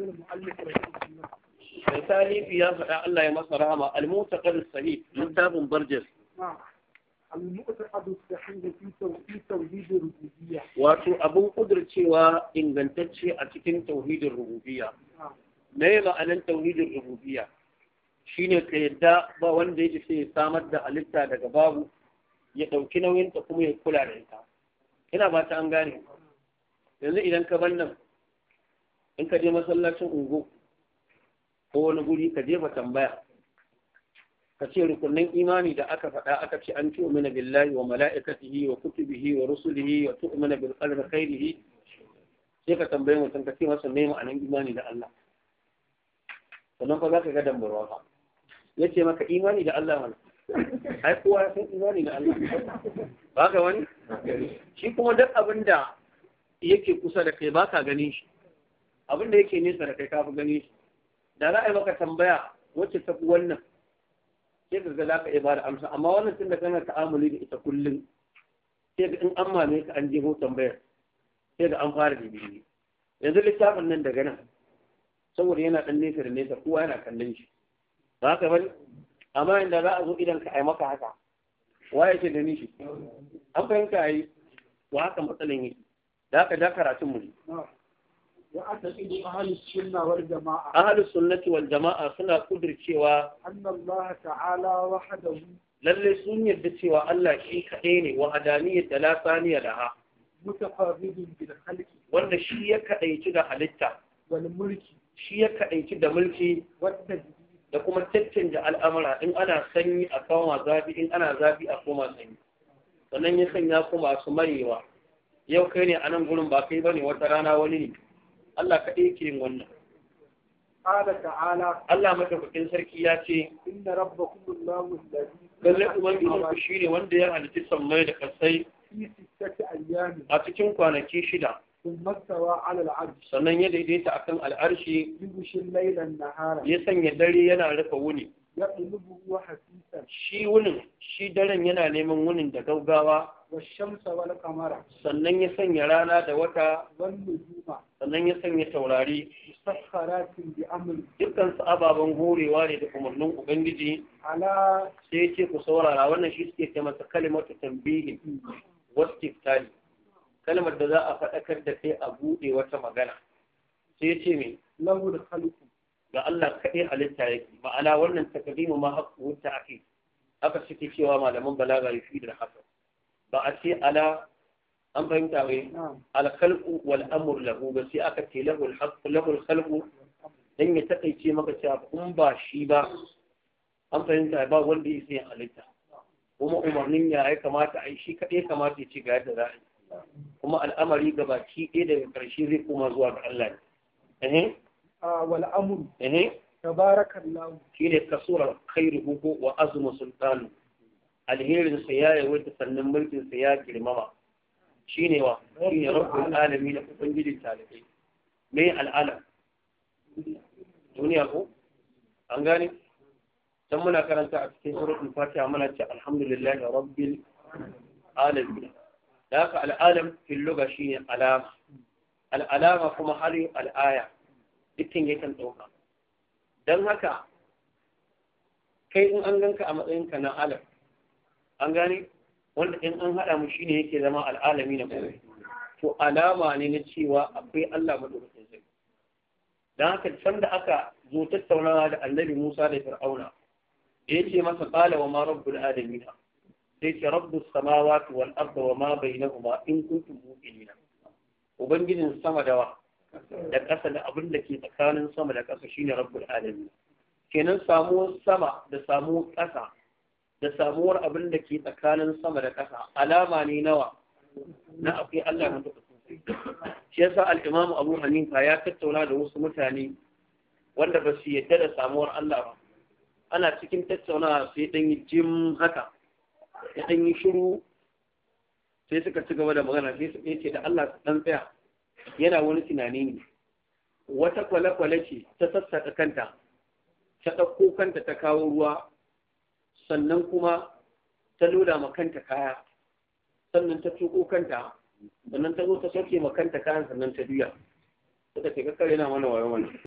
mai ya faɗa Allah ya masa rahama al-mutaqal sahih littafin barjas wato abin ingantacce a cikin tauhidin rububiyya me ma'anar tauhidin rububiyya shine ka yadda ba wanda yake sai samar da halitta daga babu ya ɗauki nauyinta kuma ya kula da ita ina ba ta an gane yanzu idan ka ban nan in ka je masallacin ungo ko wani guri ka jefa tambaya ka ce rukunin imani da aka faɗa aka ce an ci tu'mina billahi wa mala'ikatihi wa kutubihi wa rusulihi wa ci tu'mina bil qadri khairihi sai ka tambaye mutum ka ce masa me ma'anar imani da Allah sannan fa zaka ga dambarwa fa yace maka imani da Allah wani ai kowa ya san imani da Allah ba ka wani shi kuma duk abinda da yake kusa da kai ba ka ganin shi abin da yake nesa da kai ka fi gani da za a yi maka tambaya wacce ta fi wannan sai ka ga za ka iya ba da amsa amma wannan tun da kana ta'amuli da ita kullum sai ga in an mame ka an jeho tambayar sai ga an fara bibiyi yanzu littafin nan daga nan saboda yana ɗan nesa da nesa kowa yana kallon shi ba ka bane amma inda za a zo idan ka ai maka haka waye yake da ni shi an fahimta yi wa haka matsalin yake da haka da karatun mu ne وأعتقد أهل السنة والجماعة أهل السنة والجماعة سنة قدر cewa أن الله تعالى وحده lalle sun yarda cewa Allah shi kaɗai ne wa hadaniyar da la saniya da ha mutafaridun bil khalqi wanda shi ya kadaici da halitta wal mulki shi ya kadaici da mulki wanda da kuma da al'amura in ana sanyi a koma zafi in ana zafi a koma sanyi sannan ya sanya kuma su marewa yau kai ne a nan gurin ba kai bane wata rana wani ne Allah kaɗai yake yin wannan qala ta'ala Allah madaukakin sarki ya ce inna Rabba rabbakum allahu kuma lalle ubangiji shi ne wanda ya halitta sammai da kasai a cikin kwanaki shida sannan ya daidaita akan al'arshi ya sanya dare yana rufe wuni ya ɗulubu wa hasisa shi wunin shi daren yana neman wunin da gaugawa wa shamsa wal kamara sannan ya sanya rana da wata wal nujuma sannan ya sanya taurari musakharatin bi amri dukkan su ababen horewa ne da umarnin ubangiji ala sai ce ku saurara wannan shi suke ce masa kalimatu tanbihi wastiftali kalmar da za a faɗakar da kai a buɗe wata magana sai ce me lahu da khalqu ga Allah kaɗai halitta yake ma'ana wannan takadimu ma haƙƙu wuta ake haka suke cewa malaman balaga yafi da haka ba a ce ala an fahimta bai eh? alkhalqu wal amr lahu ba sai aka ce lahu alhaqqu lahu alkhalqu dan ya taƙaice maka cewa kun ba shi ba an fahimta ba wanda ya yin halitta kuma umarnin ya ya kamata a yi shi kaɗai kamata ya ci ga yadda za kuma al'amari gabaki ɗaya daga ƙarshe zai koma zuwa ga Allah ne wal amru eh tabarakallahu shine kasuwar khairu ko wa azumin sultanu alherin sa ya yawaita sannan mulkin sa ya girmama ne wa Shi ne rabbin alamin da ubangijin talibai me al'alam duniya ko an gane dan muna karanta a cikin suratul fatiha muna ce alhamdulillahi rabbil alamin da haka al'alam fil shi ne alama al'alama kuma har al'aya sittin yakan ɗauka don haka kai in an ganka a matsayinka na alam an gane wanda in an haɗa mu shine yake zama al'alami na gobe to alama ne na cewa akwai Allah madaukakin sarki don haka can da aka zo tattaunawa da annabi Musa da Fir'auna da yake masa qala wa ma rabbul alamin sai ce rabbus samawati wal ardi wa ma bainahuma in kuntum mu'minin ubangijin sama da wa da ƙasa da abin da ke tsakanin sama da ƙasa shine rabbul alamin kenan samuwar sama da samuwar ƙasa da samuwar abin da ke tsakanin sama da ƙasa alama ne nawa na akwai Allah na shi yasa al-Imam Abu Hanifa ya tattauna da wasu mutane wanda ba su yadda da samuwar Allah ba ana cikin tattaunawa sai dan yi jim haka ya dan yi shiru sai suka ci gaba da magana sai suka ce da Allah dan tsaya yana wani tunani ne wata kwale-kwale ce ta sassaƙa kanta ta ɗauko kanta ta kawo ruwa sannan kuma ta loda ma kanta kaya sannan ta tuko kanta sannan ta zo ta sauke ma kanta kayan sannan ta duya suka ce kare yana mana wayo wani.